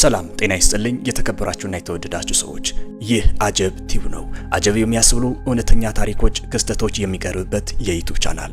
ሰላም ጤና ይስጥልኝ። የተከበራችሁና የተወደዳችሁ ሰዎች ይህ አጀብ ቲዩብ ነው። አጀብ የሚያስብሉ እውነተኛ ታሪኮች፣ ክስተቶች የሚቀርብበት የዩቱብ ቻናል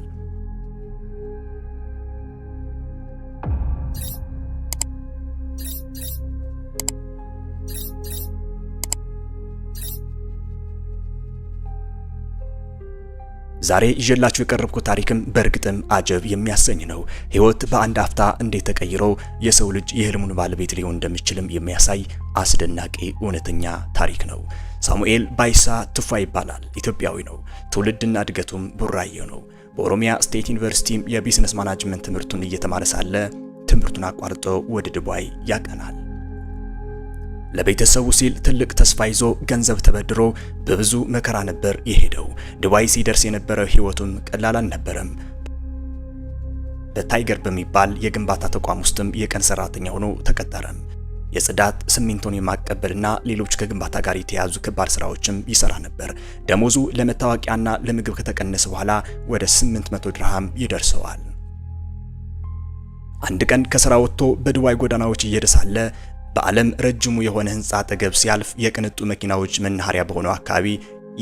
ዛሬ ይዤላችሁ የቀረብኩት ታሪክም በእርግጥም አጀብ የሚያሰኝ ነው። ህይወት በአንድ አፍታ እንዴት ተቀይሮ የሰው ልጅ የህልሙን ባለቤት ሊሆን እንደሚችልም የሚያሳይ አስደናቂ እውነተኛ ታሪክ ነው። ሳሙኤል ባይሳ ትፋ ይባላል። ኢትዮጵያዊ ነው። ትውልድና እድገቱም ቡራዬ ነው። በኦሮሚያ ስቴት ዩኒቨርሲቲም የቢዝነስ ማናጅመንት ትምህርቱን እየተማረ ሳለ ትምህርቱን አቋርጦ ወደ ዱባይ ያቀናል። ለቤተሰቡ ሲል ትልቅ ተስፋ ይዞ ገንዘብ ተበድሮ በብዙ መከራ ነበር የሄደው። ድባይ ሲደርስ የነበረው ህይወቱም ቀላል አልነበረም። በታይገር በሚባል የግንባታ ተቋም ውስጥም የቀን ሰራተኛ ሆኖ ተቀጠረም። የጽዳት ሲሚንቶን የማቀበልና ሌሎች ከግንባታ ጋር የተያዙ ከባድ ስራዎችም ይሰራ ነበር። ደሞዙ ለመታወቂያና ለምግብ ከተቀነሰ በኋላ ወደ 800 ድርሃም ይደርሰዋል። አንድ ቀን ከስራ ወጥቶ በድባይ ጎዳናዎች እየደሳለ በዓለም ረጅሙ የሆነ ህንፃ አጠገብ ሲያልፍ የቅንጡ መኪናዎች መናኸሪያ በሆነው አካባቢ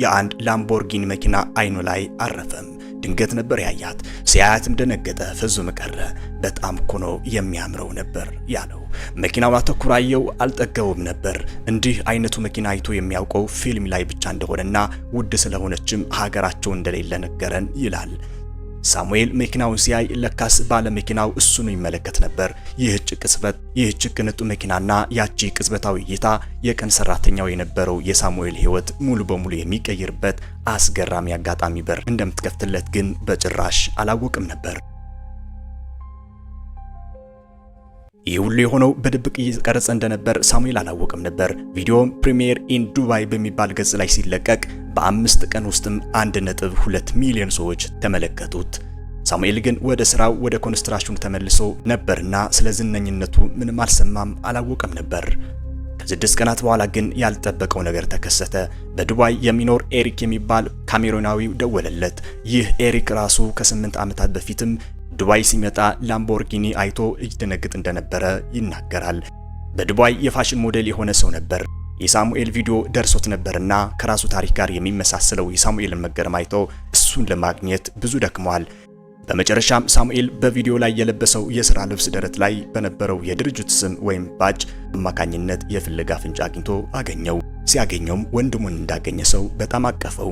የአንድ ላምቦርጊኒ መኪና አይኑ ላይ አረፈም። ድንገት ነበር ያያት። ሲያያትም ደነገጠ፣ ፍዙም ቀረ። በጣም እኮ ነው የሚያምረው ነበር ያለው። መኪናውን አተኩሮ አየው፣ አልጠገቡም ነበር። እንዲህ አይነቱ መኪና አይቶ የሚያውቀው ፊልም ላይ ብቻ እንደሆነና ውድ ስለሆነችም ሀገራቸው እንደሌለ ነገረን ይላል። ሳሙኤል መኪናውን ሲያይ ለካስ ባለ መኪናው እሱኑ ይመለከት ነበር። ይህች ቅጽበት፣ ይህች ቅንጡ መኪናና ያቺ ቅጽበታዊ እይታ የቀን ሰራተኛው የነበረው የሳሙኤል ሕይወት ሙሉ በሙሉ የሚቀይርበት አስገራሚ አጋጣሚ በር እንደምትከፍትለት ግን በጭራሽ አላወቅም ነበር። ይህ ሁሉ የሆነው በድብቅ እየቀረጸ እንደነበር ሳሙኤል አላወቅም ነበር። ቪዲዮም ፕሪሚየር ኢን ዱባይ በሚባል ገጽ ላይ ሲለቀቅ በአምስት ቀን ውስጥም አንድ ነጥብ ሁለት ሚሊዮን ሰዎች ተመለከቱት። ሳሙኤል ግን ወደ ስራው ወደ ኮንስትራክሽኑ ተመልሶ ነበርና ስለ ዝነኝነቱ ምንም አልሰማም፣ አላወቀም ነበር። ከስድስት ቀናት በኋላ ግን ያልጠበቀው ነገር ተከሰተ። በዱባይ የሚኖር ኤሪክ የሚባል ካሜሮናዊው ደወለለት። ይህ ኤሪክ ራሱ ከስምንት ዓመታት በፊትም ዱባይ ሲመጣ ላምቦርጊኒ አይቶ ይደነግጥ እንደነበረ ይናገራል። በዱባይ የፋሽን ሞዴል የሆነ ሰው ነበር። የሳሙኤል ቪዲዮ ደርሶት ነበርና ከራሱ ታሪክ ጋር የሚመሳሰለው የሳሙኤልን መገረም አይቶ እሱን ለማግኘት ብዙ ደክመዋል። በመጨረሻም ሳሙኤል በቪዲዮ ላይ የለበሰው የሥራ ልብስ ደረት ላይ በነበረው የድርጅት ስም ወይም ባጅ አማካኝነት የፍለጋ ፍንጭ አግኝቶ አገኘው። ሲያገኘውም ወንድሙን እንዳገኘ ሰው በጣም አቀፈው።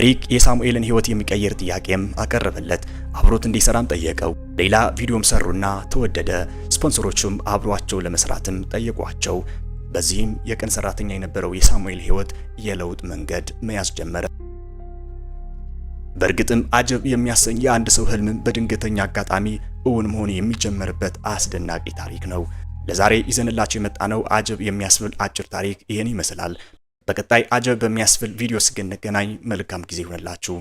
ኤሪክ የሳሙኤልን ህይወት የሚቀይር ጥያቄም አቀረበለት። አብሮት እንዲሰራም ጠየቀው። ሌላ ቪዲዮም ሰሩና ተወደደ። ስፖንሰሮቹም አብሯቸው ለመስራትም ጠየቋቸው። በዚህም የቀን ሰራተኛ የነበረው የሳሙኤል ህይወት የለውጥ መንገድ መያዝ ጀመረ። በእርግጥም አጀብ የሚያሰኝ የአንድ ሰው ህልም በድንገተኛ አጋጣሚ እውን መሆን የሚጀመርበት አስደናቂ ታሪክ ነው። ለዛሬ ይዘንላቸው የመጣ ነው አጀብ የሚያስብል አጭር ታሪክ ይህን ይመስላል። በቀጣይ አጀብ በሚያስብል ቪዲዮ ስገንገናኝ መልካም ጊዜ ይሁንላችሁ።